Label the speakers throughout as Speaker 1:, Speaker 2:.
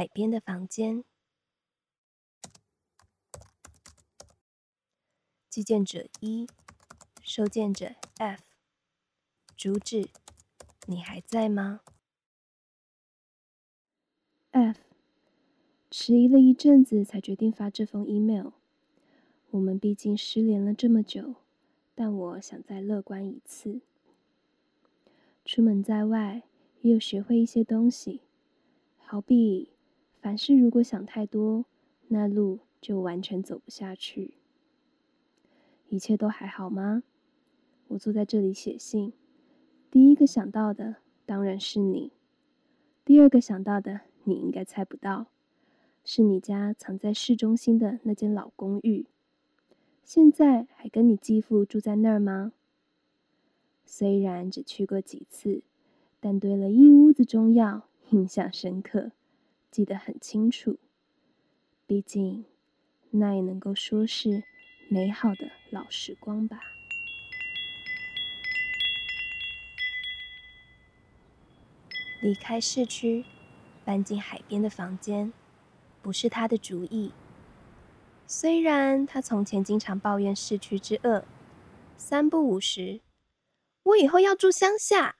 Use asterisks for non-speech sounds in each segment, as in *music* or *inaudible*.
Speaker 1: 海邊的房間。寄件者 E，收件者 F。主旨：你還在嗎？F 遲疑了一陣子，才決定發這封 email。我們畢竟失聯了這麼久，但我想再樂觀一次。出門在外，也有學會一些東西，好比。凡事如果想太多，那路就完全走不下去。一切都還好嗎？我坐在這裡寫信，第一個想到的當然是你，第二個想到的，你應該猜不到，是你家藏在市中心的那間老公寓。現在還跟你繼父住在那兒嗎？雖然只去過幾次，但堆了一屋子中藥，印象深刻。記得很清楚，畢竟那也能夠說是美好的老時光吧。離開市區，搬進海邊的房間，不是他的主意。雖然他從前經常抱怨市區之惡，三不五時，我以後要住鄉下，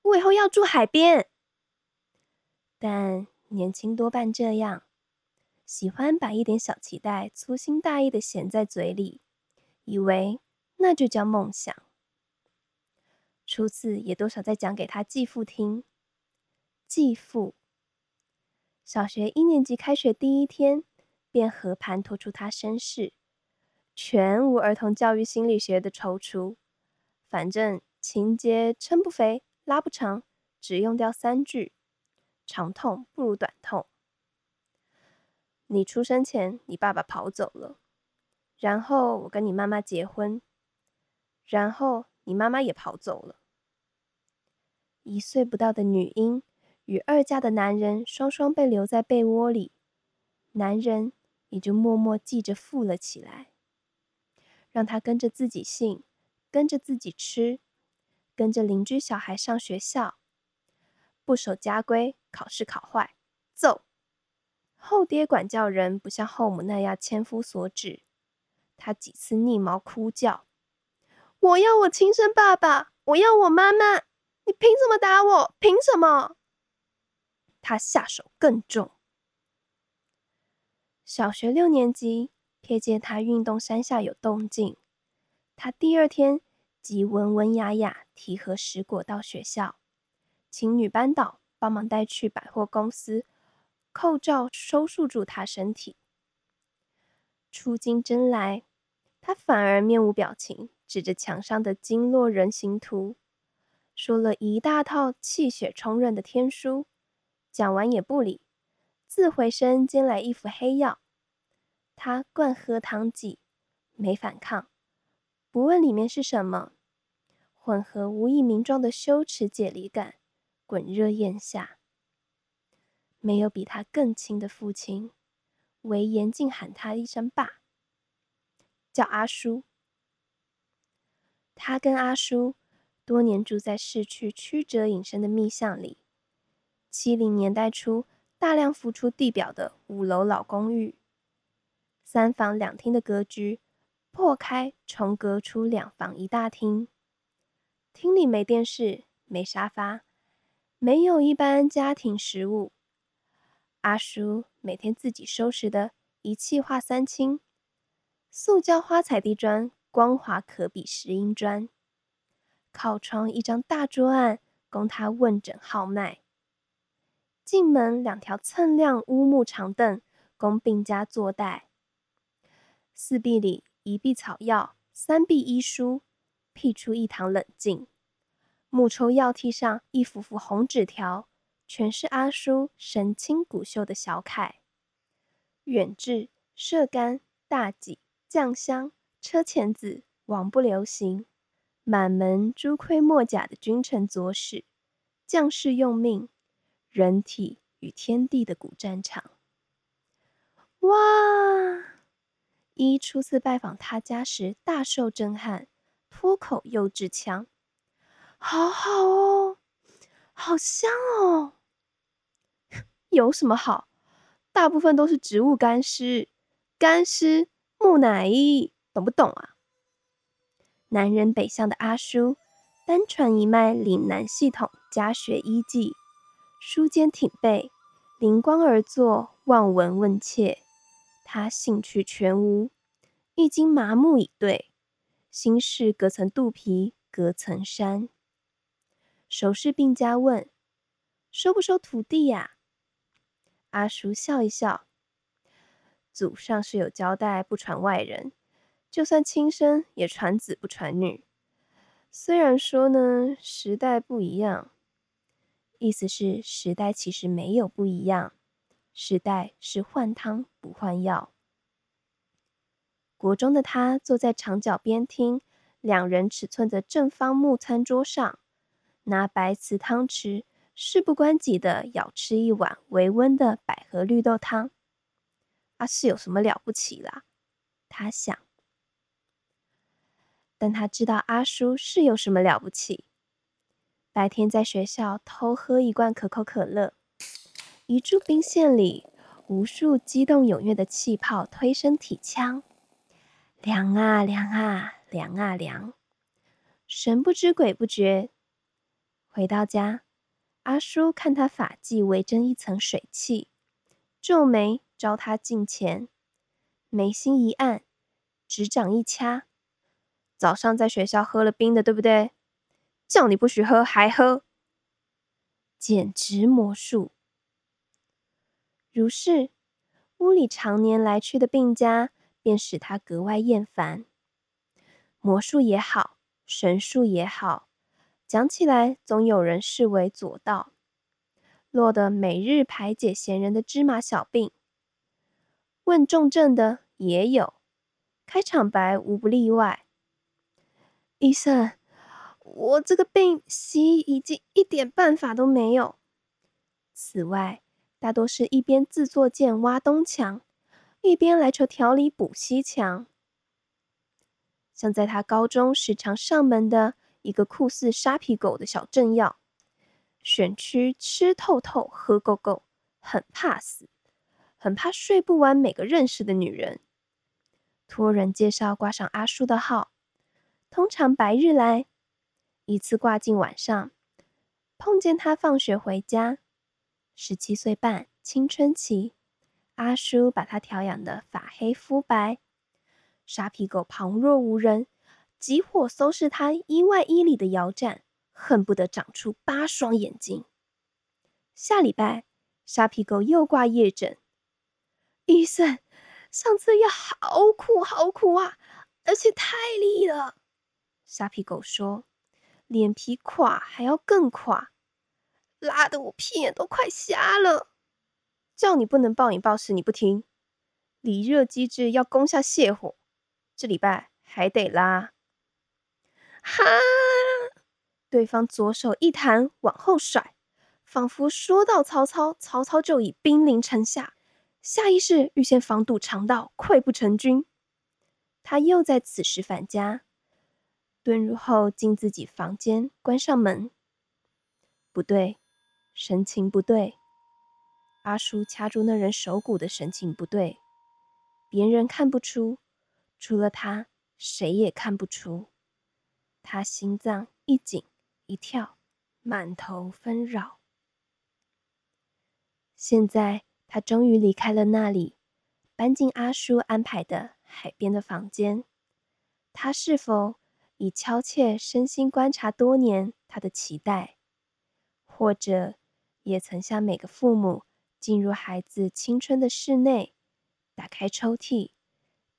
Speaker 1: 我以後要住海邊，但。年輕多半這樣，喜歡把一點小期待粗心大意的銜在嘴裡，以為那就叫夢想。初次也多少在講給他繼父聽，繼父小學一年級開學第一天便和盤托出他身世，全無兒童教育心理學的躊躇，反正情節撐不肥，拉不長，只用掉三句。長痛不如短痛。你出生前，你爸爸跑走了，然後我跟你媽媽結婚，然後你媽媽也跑走了。一歲不到的女嬰與二嫁的男人雙雙被留在被窩裡，男人也就默默記着富了起來，讓她跟着自己姓，跟着自己吃，跟着鄰居小孩上學校，不守家規。考試考壞，揍！後爹管教人不像後母那樣千夫所指，他幾次逆毛哭叫：“我要我親生爸爸，我要我媽媽，你憑什麼打我？憑什麼？”他下手更重。小學六年級，瞥見他運動衫下有動靜，他第二天即溫文雅雅提盒水果到學校，請女班導。幫忙帶去百貨公司，扣罩收束住他身體。出金針來，他反而面無表情，指着牆上的經絡人形圖，說了一大套氣血充潤的天書。講完也不理，自回身煎來一副黑藥。他慣喝湯劑，沒反抗，不問裡面是什麼，混合無以名狀的羞恥解離感。滾熱咽下。沒有比他更親的父親，唯嚴禁喊他一聲爸，叫阿叔。他跟阿叔多年住在市區曲折隱身的密巷裡。七零年代初，大量浮出地表的五樓老公寓，三房兩廳的格局，破開重隔出兩房一大廳。廳裡沒電視，沒沙發。沒有一般家庭食物，阿叔每天自己收拾的，一氣化三清。塑膠花彩地磚，光滑可比石英磚。靠窗一張大桌案，供他問診號脈。進門兩條鋥亮烏木長凳，供病家坐待。四壁裡一壁草藥，三壁醫書，闢出一堂冷靜。木抽藥屜上一幅幅紅紙條，全是阿叔神清骨秀的小楷。遠志、射干、大戟、降香、車前子，王不留行。滿門朱盔墨甲的君臣佐使，將士用命，人體與天地的古戰場。哇！一初次拜訪他家時，大受震撼，脫口又自槍。好好哦，好香哦。 *laughs* 有什麼好？大部分都是植物乾屍、乾屍木乃伊，懂不懂啊？南人北向的阿叔，單傳一脈嶺南系統家學醫技，書間挺背，靈光而坐，望聞問切。他興趣全無，一經麻木以對，心事隔層肚皮，隔層山。熟識病家問：“收不收徒弟呀？”阿叔笑一笑：“祖上是有交代，不傳外人，就算親生也傳子不傳女。雖然說呢，時代不一樣，意思是時代其實沒有不一樣，時代是換湯不換藥。”國中的他坐在長角邊聽，兩人尺寸的正方木餐桌上。拿白瓷湯匙，事不關己的舀吃一碗微溫的百合綠豆湯。阿叔有什麼了不起啦？他想。但他知道阿叔是有什麼了不起。白天在學校偷喝一罐可口可樂，一柱冰線裡，無數激動踴躍的氣泡推身體腔，涼啊涼啊涼啊涼，神不知鬼不覺。回到家，阿叔看他髮髻圍蒸一層水汽，皺眉招他近前，眉心一按，指掌一掐。早上在學校喝了冰的，對不對？叫你不許喝還喝，簡直魔術。如是，屋裡常年來去的病家，便使他格外厭煩。魔術也好，神術也好。講起來，總有人視為左道，落得每日排解閒人的芝麻小病。問重症的也有，開場白無不例外。醫生，我這個病西醫已經一點辦法都沒有。此外，大多是一邊自作賤挖東牆，一邊來求調理補西牆。像在他高中時常上門的。一個酷似沙皮狗的小政要，選區吃透透，喝夠夠，很怕死，很怕睡不完每個認識的女人，托人介紹掛上阿叔的號，通常白日來，一次掛進晚上，碰見他放學回家，十七歲半，青春期，阿叔把他調養得髮黑膚白，沙皮狗旁若無人。急火搜拾他衣外衣裡的姚戰，恨不得長出八雙眼睛。下禮拜沙皮狗又掛夜診，醫生上次藥好苦好苦啊，而且太厲害了。沙皮狗說：“臉皮垮還要更垮，拉得我屁眼都快瞎了。叫你不能暴飲暴食你不聽，裡熱機制要攻下瀉火，這禮拜還得拉。”哈！對方左手一彈，往後甩，仿佛說到曹操，曹操就已兵臨城下。下意識預先防堵腸道，潰不成軍。他又在此時返家，遁入後進自己房間，關上門。不對，神情不對。阿淑掐住那人手骨的神情不對，別人看不出，除了他，誰也看不出。他心臟一緊一跳，滿頭紛擾。現在他終於離開了那裡，搬進阿叔安排的海邊的房間。他是否已悄切身心觀察多年他的期待，或者也曾像每個父母進入孩子青春的室內，打開抽屜，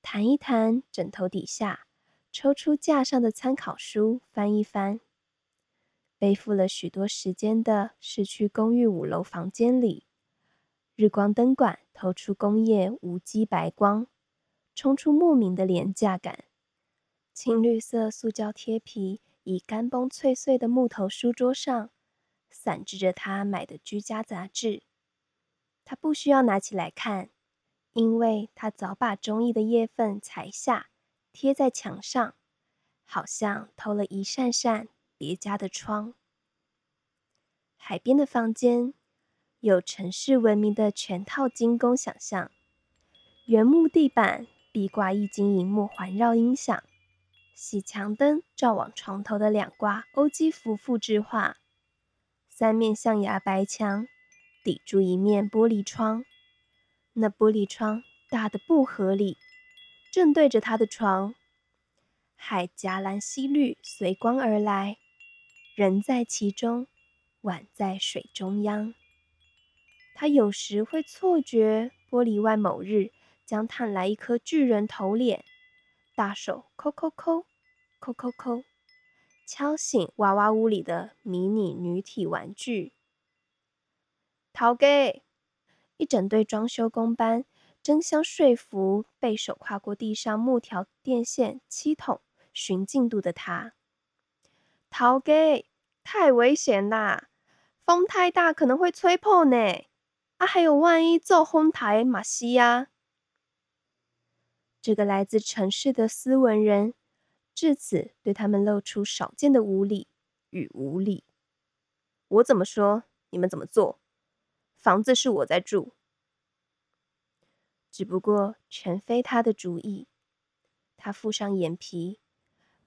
Speaker 1: 彈一彈枕頭底下？抽出架上的參考書，翻一翻。背負了許多時間的市區公寓五樓房間裡，日光燈管透出工業無機白光，衝出莫名的廉價感。青綠色塑膠貼皮，以乾崩脆碎的木頭書桌上，散置着，着他買的居家雜誌。他不需要拿起來看，因為他早把中意的頁份裁下。貼在牆上，好像偷了一扇扇別家的窗。海邊的房間有城市文明的全套精工想象，原木地板，壁掛液晶屏幕環繞音響，洗牆燈照往床頭的兩掛歐姬芙複制畫，三面象牙白牆抵住一面玻璃窗，那玻璃窗大的不合理。正對着他的床，海夾藍汐綠，隨光而來。人在其中，宛在水中央。他有時會錯覺，玻璃外某日將探來一顆巨人頭臉，大手摳摳摳，摳摳摳，敲醒娃娃屋裡的迷你女體玩具。逃給一整隊裝修工班。爭相說服，背手跨過地上木條、電線、漆桶，尋進度的他，逃給太危險啦！風太大，可能會吹破呢。啊，還有萬一遭風台，馬西呀！這個來自城市的斯文人，至此對他們露出少見的無理與無禮。嗯。我怎麼說，你們怎麼做？房子是我在住。只不過全非他的主意。他覆上眼皮，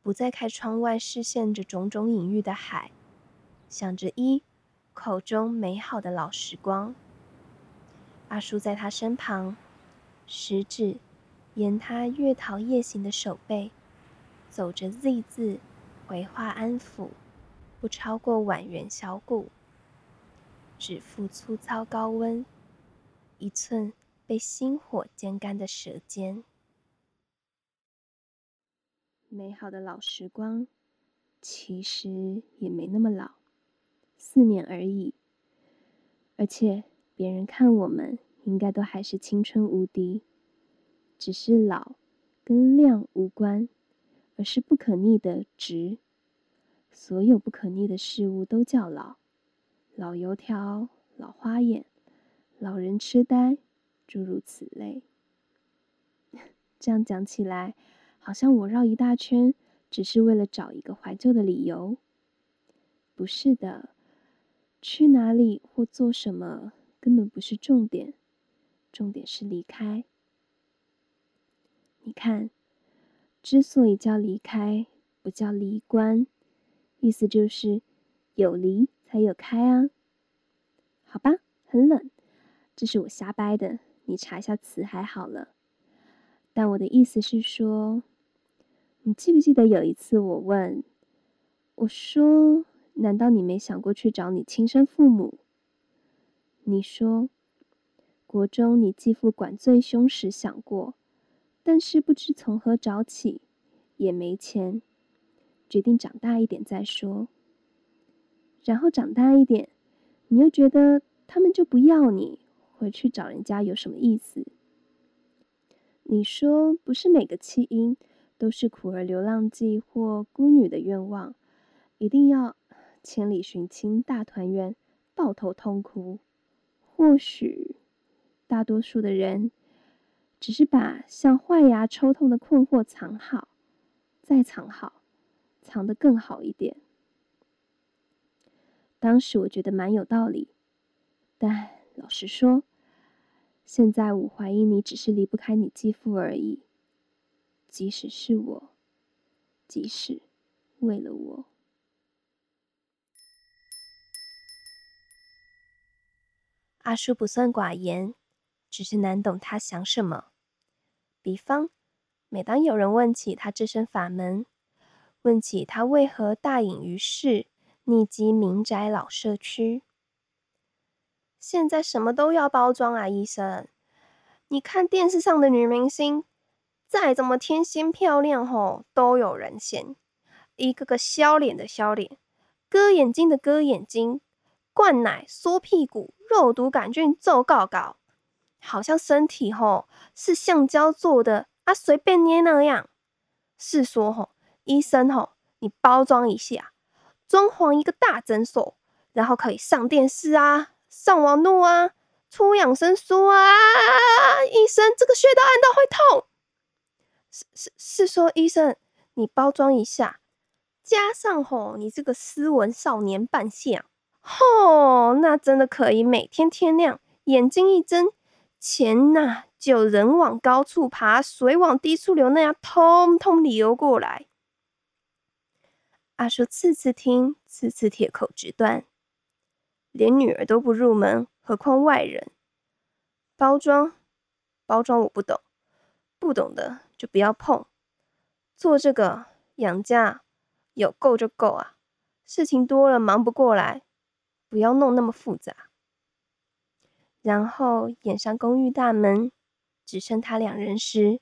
Speaker 1: 不再看窗外，視線着種種隱喻的海，想着一口中美好的老時光。阿叔在他身旁，食指沿他月桃夜行的手背，走着 Z 字，回話安撫，不超過婉圓小骨，指腹粗糙高溫，一寸。被心火煎乾的舌尖。美好的老時光，其實也沒那麼老，四年而已。而且別人看我們，應該都還是青春無敵。只是老，跟量無關，而是不可逆的值。所有不可逆的事物都叫老，老油條、老花眼、老人痴呆。諸如此類， *laughs* 這樣講起來，好像我繞一大圈，只是為了找一個懷舊的理由。不是的，去哪裡或做什麼根本不是重點，重點是離開。你看，之所以叫離開，不叫離關，意思就是有離才有開啊。好吧，很冷，這是我瞎掰的。你查一下詞還好了，但我的意思是說，你記不記得有一次我問，我說：“難道你沒想過去找你親生父母？”你說：“國中你繼父管最凶時想過，但是不知從何找起，也沒錢，決定長大一點再說。”然後長大一點，你又覺得他們就不要你。回去找人家有什麼意思？你說不是每個棄嬰都是苦兒流浪記或孤女的願望，一定要千里尋親大團圓，抱頭痛哭。或許大多數的人只是把像壞牙抽痛的困惑藏好，再藏好，藏得更好一點。當時我覺得蠻有道理，但老實說。現在我懷疑你只是離不開你繼父而已，即使是我，即使為了我。阿叔不算寡言，只是難懂他想什麼。比方，每當有人問起他這身法門，問起他為何大隱於市，匿跡民宅老社區。現在什麼都要包裝啊，醫生。你看電視上的女明星，再怎麼天仙漂亮吼、哦、都有人嫌。一個個削臉的削臉，割眼睛的割眼睛，灌奶、縮屁股、肉毒桿菌、做告告，好像身體吼、哦、是橡膠做的啊，隨便捏那樣。是說吼、哦，醫生吼、哦，你包裝一下，裝潢一個大診所，然後可以上電視啊。上網路啊，出養生書啊！醫生，這個穴道按到會痛。是是是，是說醫生，你包裝一下，加上吼，你這個斯文少年扮相、啊，吼，那真的可以每天天亮眼睛一睜，錢吶就人往高處爬，水往低處流那樣，通通流過來。阿叔次次聽，次次鐵口直斷，連女兒都不入門，何況外人？包裝？包裝我不懂，不懂的就不要碰。做這個養家，有夠就夠啊！事情多了忙不過來，不要弄那麼複雜。然後掩上公寓大門，只剩他兩人時，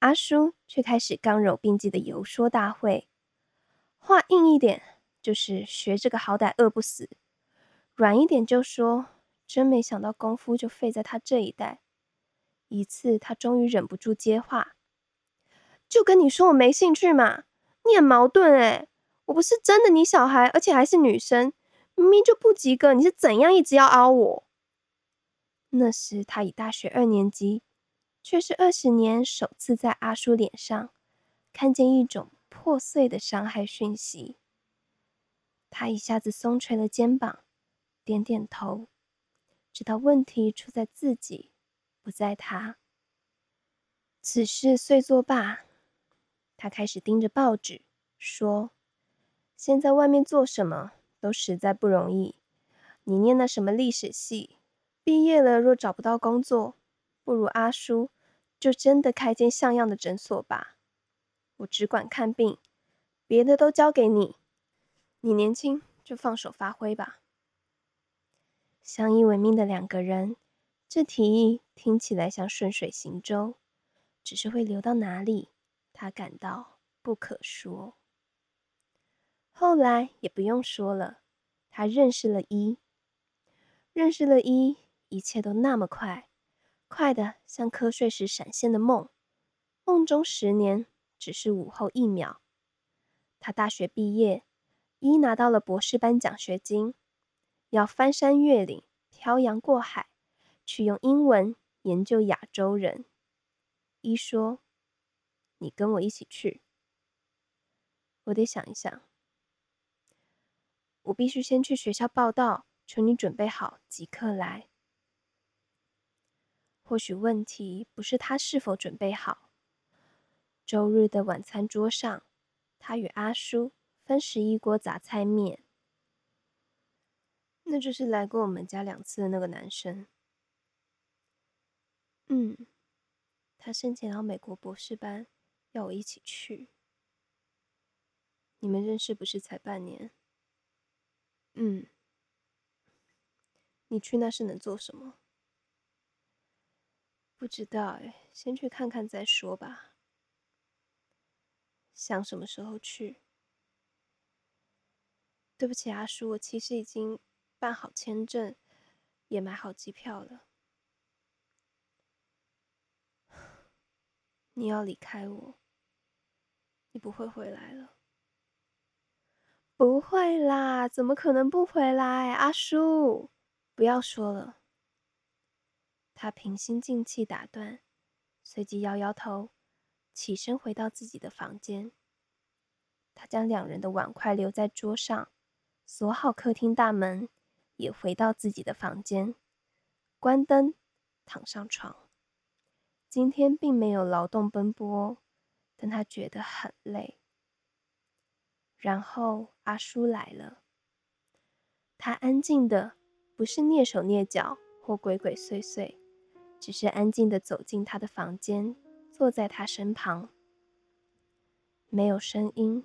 Speaker 1: 阿叔卻開始剛柔並濟的遊說大會。話硬一點，就是學這個好歹餓不死。軟一點就說，真沒想到功夫就廢在他這一代。一次，他終於忍不住接話：“就跟你說我沒興趣嘛，你很矛盾哎，我不是真的你小孩，而且還是女生，明明就不及格，你是怎樣一直要凹我？”那時他已大學二年級，卻是二十年首次在阿叔臉上看見一種破碎的傷害訊息。他一下子鬆垂了肩膀。點點頭，知道問題出在自己，不在他。此事遂作罷。他開始盯着報紙，說：“現在外面做什麼都實在不容易。你念那什麼歷史系，畢業了若找不到工作，不如阿叔就真的開間像樣的診所吧。我只管看病，別的都交給你。你年輕，就放手發揮吧。”相依為命的兩個人，這提議聽起來像順水行舟，只是會流到哪裡，他感到不可說。後來也不用說了，他認識了伊，認識了伊，一切都那麼快，快的像瞌睡時閃現的夢，夢中十年只是午後一秒。他大學畢業，伊拿到了博士班獎學金。要翻山越嶺，漂洋過海，去用英文研究亞洲人。一說，你跟我一起去。我得想一想。我必須先去學校報到，求你準備好即刻來。或許問題不是他是否準備好。週日的晚餐桌上，他與阿叔分食一鍋雜菜麵。那就是來過我們家兩次的那個男生。嗯，他申請到美國博士班，要我一起去。你們認識不是才半年？嗯。你去那是能做什麼？不知道哎，先去看看再說吧。想什麼時候去？對不起阿叔，我其實已經。辦好簽證，也買好機票了。 *laughs* 你要離開我，你不會回來了。不會啦，怎麼可能不回來？阿叔，不要說了。他平心靜氣打斷，隨即搖搖頭，起身回到自己的房間。他將兩人的碗筷留在桌上，鎖好客廳大門。也回到自己的房間，關燈，躺上床。今天並沒有勞動奔波，但他覺得很累。然後阿叔來了，他安靜的，不是躡手躡腳或鬼鬼祟祟，只是安靜的走進他的房間，坐在他身旁，沒有聲音，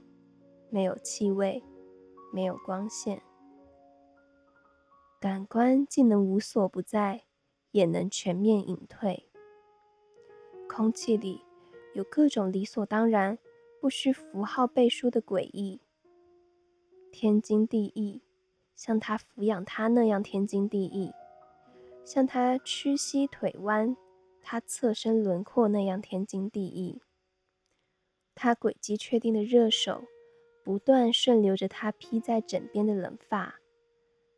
Speaker 1: 沒有氣味，沒有光線。感官既能無所不在，也能全面隱退。空氣裡有各種理所當然，不需符號背書的詭異。天經地義，像他撫養他那樣天經地義，像他屈膝腿彎，他側身輪廓那樣天經地義。他軌迹確定的熱手，不斷順流着他披在枕邊的冷髮。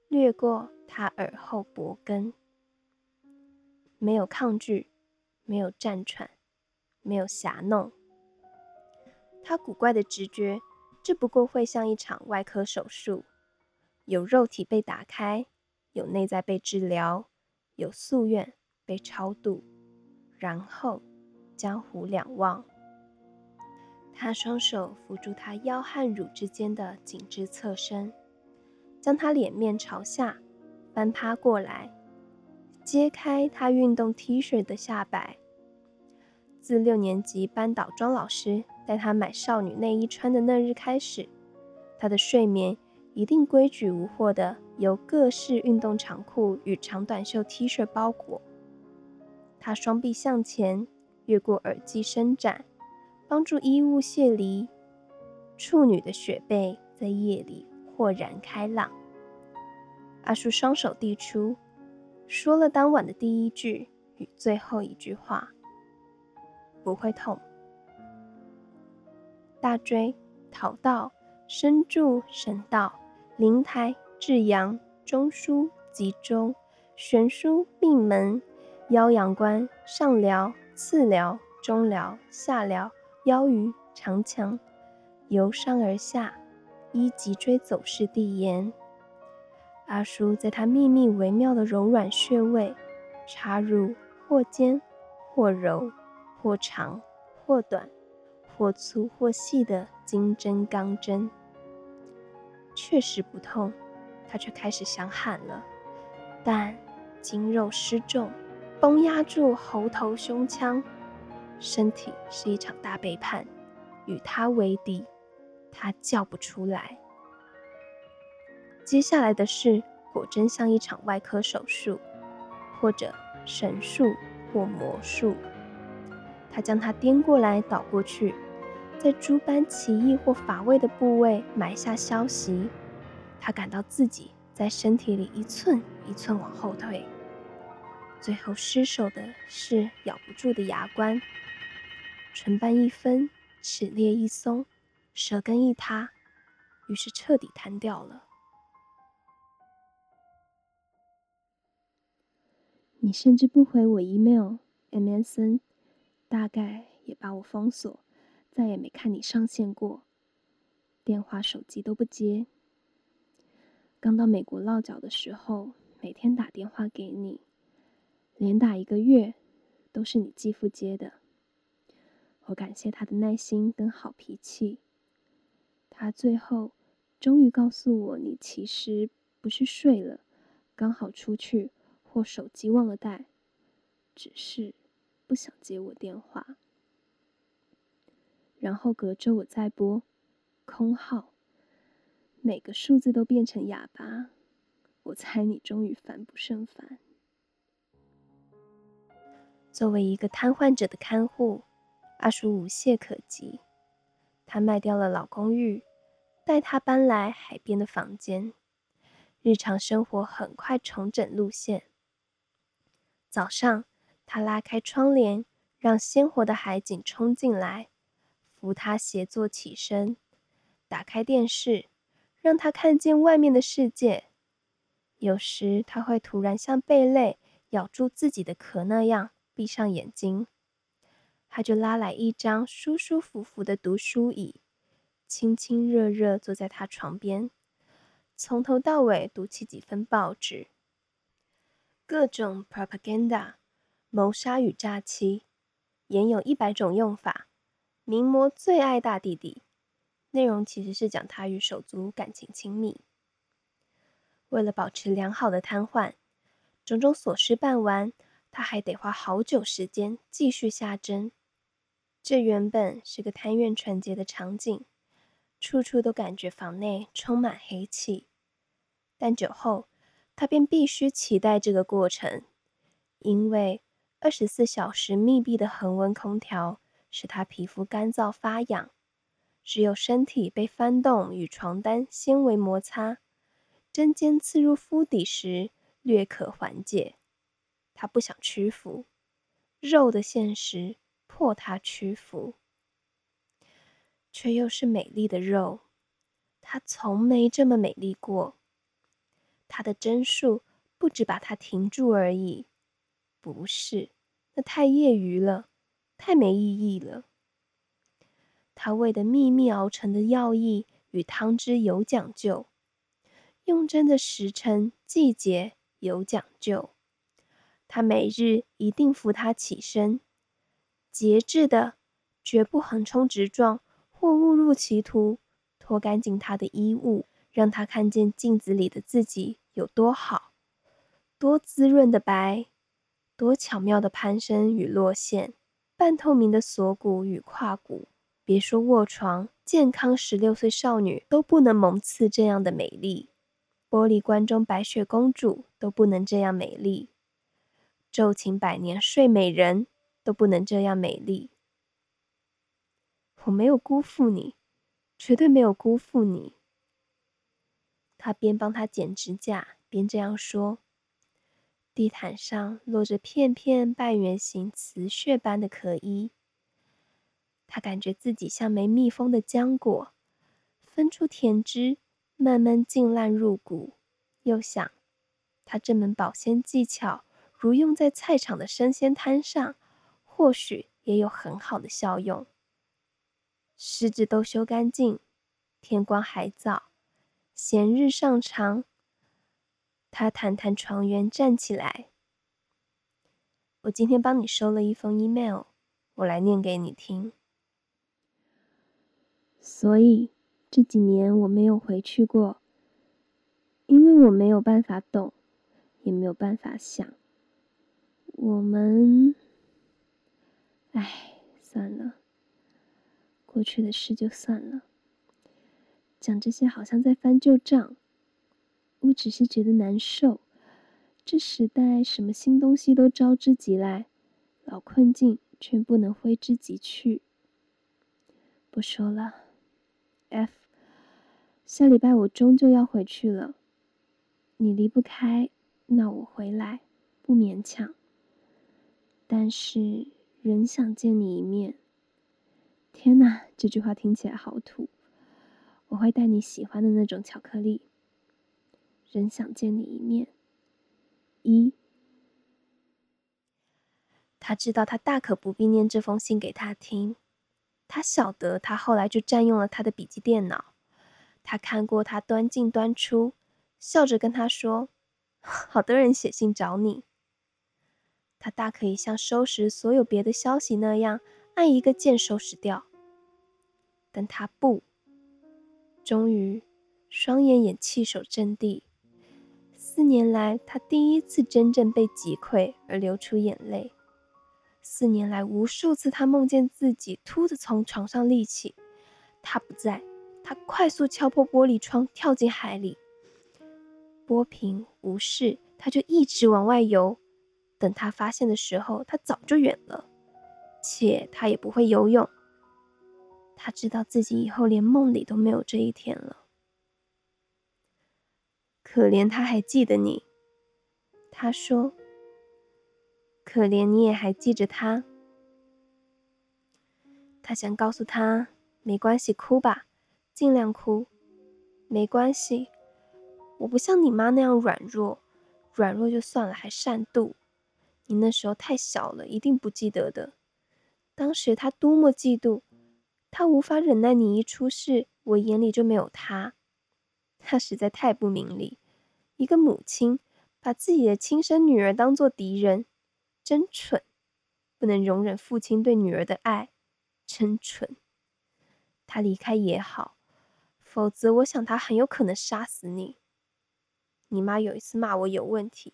Speaker 1: 掠過他耳後脖根，沒有抗拒，沒有戰喘，沒有狎弄。他古怪的直覺，這不過會像一場外科手術，有肉體被打開，有內在被治療，有夙願被超度，然後江湖兩忘。他雙手扶住他腰和乳之間的緊致側身。將他臉面朝下，翻趴過來，揭開他運動 T 恤的下擺。自六年級班導莊老師帶他買少女內衣穿的那日開始，他的睡眠一定規矩無惑的，由各式運動長褲與長短袖 T 恤包裹。他雙臂向前，越過耳際伸展，幫助衣物卸離。處女的雪背在夜裡豁然開朗。阿叔雙手遞出，說了當晚的第一句與最後一句話：“不會痛。大”大椎、陶道、身柱、神道、靈台、至陽、中樞、脊中、懸樞、命門、腰陽關、上髎、次髎、中髎、下髎、腰俞、長強，由上而下，依脊椎走勢遞延。阿叔在他秘密微妙的柔軟穴位，插入或尖或柔、或長或短、或粗或細的金針鋼針。確實不痛，他卻開始想喊了。但筋肉失重，繃壓住喉頭胸腔，身體是一場大背叛，與他為敵，他叫不出來。接下來的事果真像一場外科手術，或者神術或魔術。他將它顛過來倒過去，在諸般奇異或乏味的部位埋下消息。他感到自己在身體裡一寸一寸往後退，最後失守的是咬不住的牙關，唇瓣一分，齒裂一鬆，舌根一塌，於是徹底癱掉了。你甚至不回我 email、MSN，大概也把我封鎖，再也沒看你上線過，電話手機都不接。剛到美國落腳的時候，每天打電話給你，連打一個月，都是你繼父接的。我感謝他的耐心跟好脾氣。他最後終於告訴我，你其實不是睡了，剛好出去。或手機忘了帶，只是不想接我電話。然後隔着我再撥，空號，每個數字都變成啞巴。我猜你終於煩不勝煩。作為一個癱瘓者的看護，阿叔無懈可擊。他賣掉了老公寓，帶他搬來海邊的房間。日常生活很快重整路線。早上，他拉開窗簾，讓鮮活的海景沖進來，扶他斜坐起身，打開電視，讓他看見外面的世界。有時他會突然像貝類咬住自己的殼那樣閉上眼睛，他就拉來一張舒舒服服的讀書椅，親親熱熱坐在他床邊，從頭到尾讀起幾份報紙。各種 propaganda，謀殺與詐欺，也有一百種用法。名模最愛大弟弟，內容其實是講他與手足感情親密。為了保持良好的癱瘓，種種瑣事辦完，他還得花好久時間繼續下針。這原本是個貪怨純潔的場景，處處都感覺房內充滿黑氣。但酒後。他便必須期待這個過程，因為二十四小時密閉的恆溫空調使他皮膚乾燥發癢。只有身體被翻動與床單纖維摩擦，針尖刺入膚底時略可緩解。他不想屈服，肉的現實迫他屈服，卻又是美麗的肉。他從沒這麼美麗過。他的針數不止把他停住而已，不是，那太業餘了，太沒意義了。他為的秘密熬成的藥液與湯汁有講究，用針的時辰季節有講究。他每日一定扶他起身，節制的，絕不橫衝直撞或誤入歧途，脫乾淨他的衣物。讓他看見鏡子裡的自己有多好，多滋潤的白，多巧妙的攀升與落線，半透明的鎖骨與胯骨。別說臥床，健康十六歲少女都不能蒙賜這樣的美麗，玻璃棺中白雪公主都不能這樣美麗，晝寢百年睡美人都不能這樣美麗。我沒有辜負你，絕對沒有辜負你。他邊幫他剪指甲，邊這樣說：“地毯上落着片片半圓形瓷屑般的殼衣，他感覺自己像沒密封的漿果，分出甜汁，慢慢浸爛入骨。”又想，他這門保鮮技巧，如用在菜場的生鮮攤上，或許也有很好的效用。十指都修乾淨，天光還早。閒日上床。他彈彈床緣，站起來。我今天幫你收了一封 email，我來念給你聽。所以這幾年我沒有回去過，因為我沒有辦法懂，也沒有辦法想。我們，唉，算了，過去的事就算了。講這些好像在翻舊賬，我只是覺得難受。這時代什麼新東西都招之即來，老困境卻不能揮之即去。不說了，F。下禮拜我終究要回去了，你離不開，那我回來，不勉強。但是仍想見你一面。天哪，這句話聽起來好土。我會帶你喜歡的那種巧克力。仍想見你一面。一，他知道他大可不必念這封信給他聽，他曉得他後來就占用了他的筆記電腦，他看過他端進端出，笑着跟他說：“好多人寫信找你。”他大可以像收拾所有別的消息那樣，按一個鍵收拾掉，但他不。終於，雙眼也棄守陣地。四年來，他第一次真正被擊潰而流出眼淚。四年來，無數次他夢見自己突地從床上立起，他不在，他快速敲破玻璃窗，跳進海裡。波平無事，他就一直往外游。等他發現的時候，他早就遠了，且他也不會游泳。他知道自己以後連夢裡都沒有這一天了。可憐他還記得你，他說：“可憐你也還記着他。”他想告訴他：“沒關係，哭吧，盡量哭，沒關係，我不像你媽那樣軟弱，軟弱就算了，還善妒。你那時候太小了，一定不記得的。當時他多麼嫉妒。”他無法忍耐你一出事，我眼裡就沒有他。他實在太不明理。一個母親把自己的親生女兒當做敵人，真蠢！不能容忍父親對女兒的愛，真蠢！他離開也好，否則我想他很有可能殺死你。你媽有一次罵我有問題，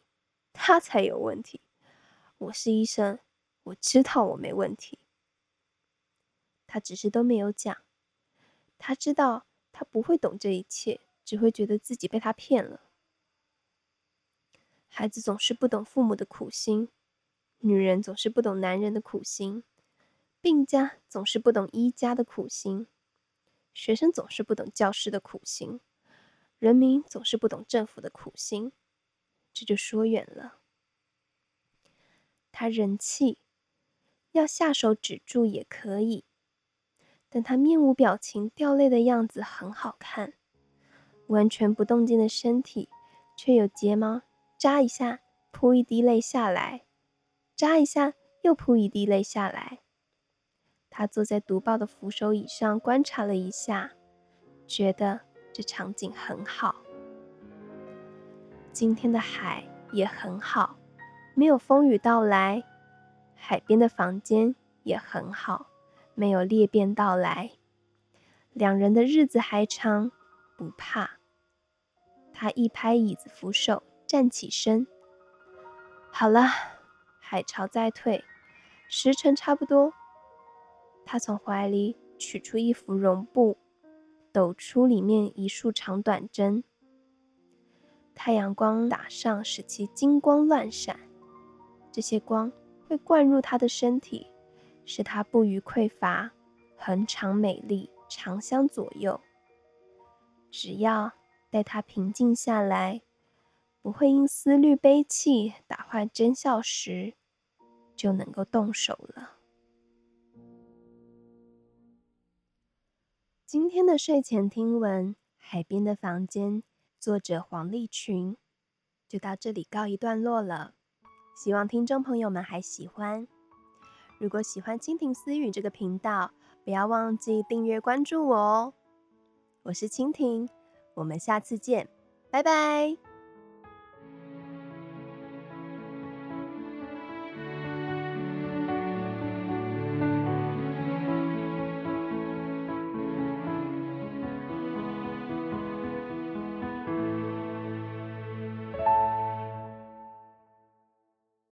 Speaker 1: 他才有問題。我是醫生，我知道我沒問題。他只是都沒有講。他知道他不會懂這一切，只會覺得自己被他騙了。孩子總是不懂父母的苦心，女人總是不懂男人的苦心，病家總是不懂醫家的苦心，學生總是不懂教師的苦心，人民總是不懂政府的苦心。這就說遠了。他人氣，要下手止住也可以。但他面無表情掉淚的樣子很好看，完全不動靜的身體，卻有睫毛扎一下，撲一滴淚下來，扎一下又撲一滴淚下來。他坐在讀報的扶手椅上觀察了一下，覺得這場景很好。今天的海也很好，沒有風雨到來，海邊的房間也很好。沒有裂變到來，兩人的日子還長，不怕。他一拍椅子扶手，站起身。好了，海潮再退，時辰差不多。他從懷裡取出一幅絨布，抖出裡面一束長短針。太陽光打上，使其金光亂閃。這些光會灌入他的身體。使他不虞匱乏，恆常美麗，常相左右。只要待他平靜下來，不會因思慮悲泣打壞真相時，就能夠動手了。今天的睡前聽文《海邊的房間》，作者黃麗群，就到這裡告一段落了。希望聽眾朋友們還喜歡。如果喜歡《蜻蜓私語》這個頻道，不要忘記訂閱關注我哦。我是蜻蜓，我們下次見，拜拜。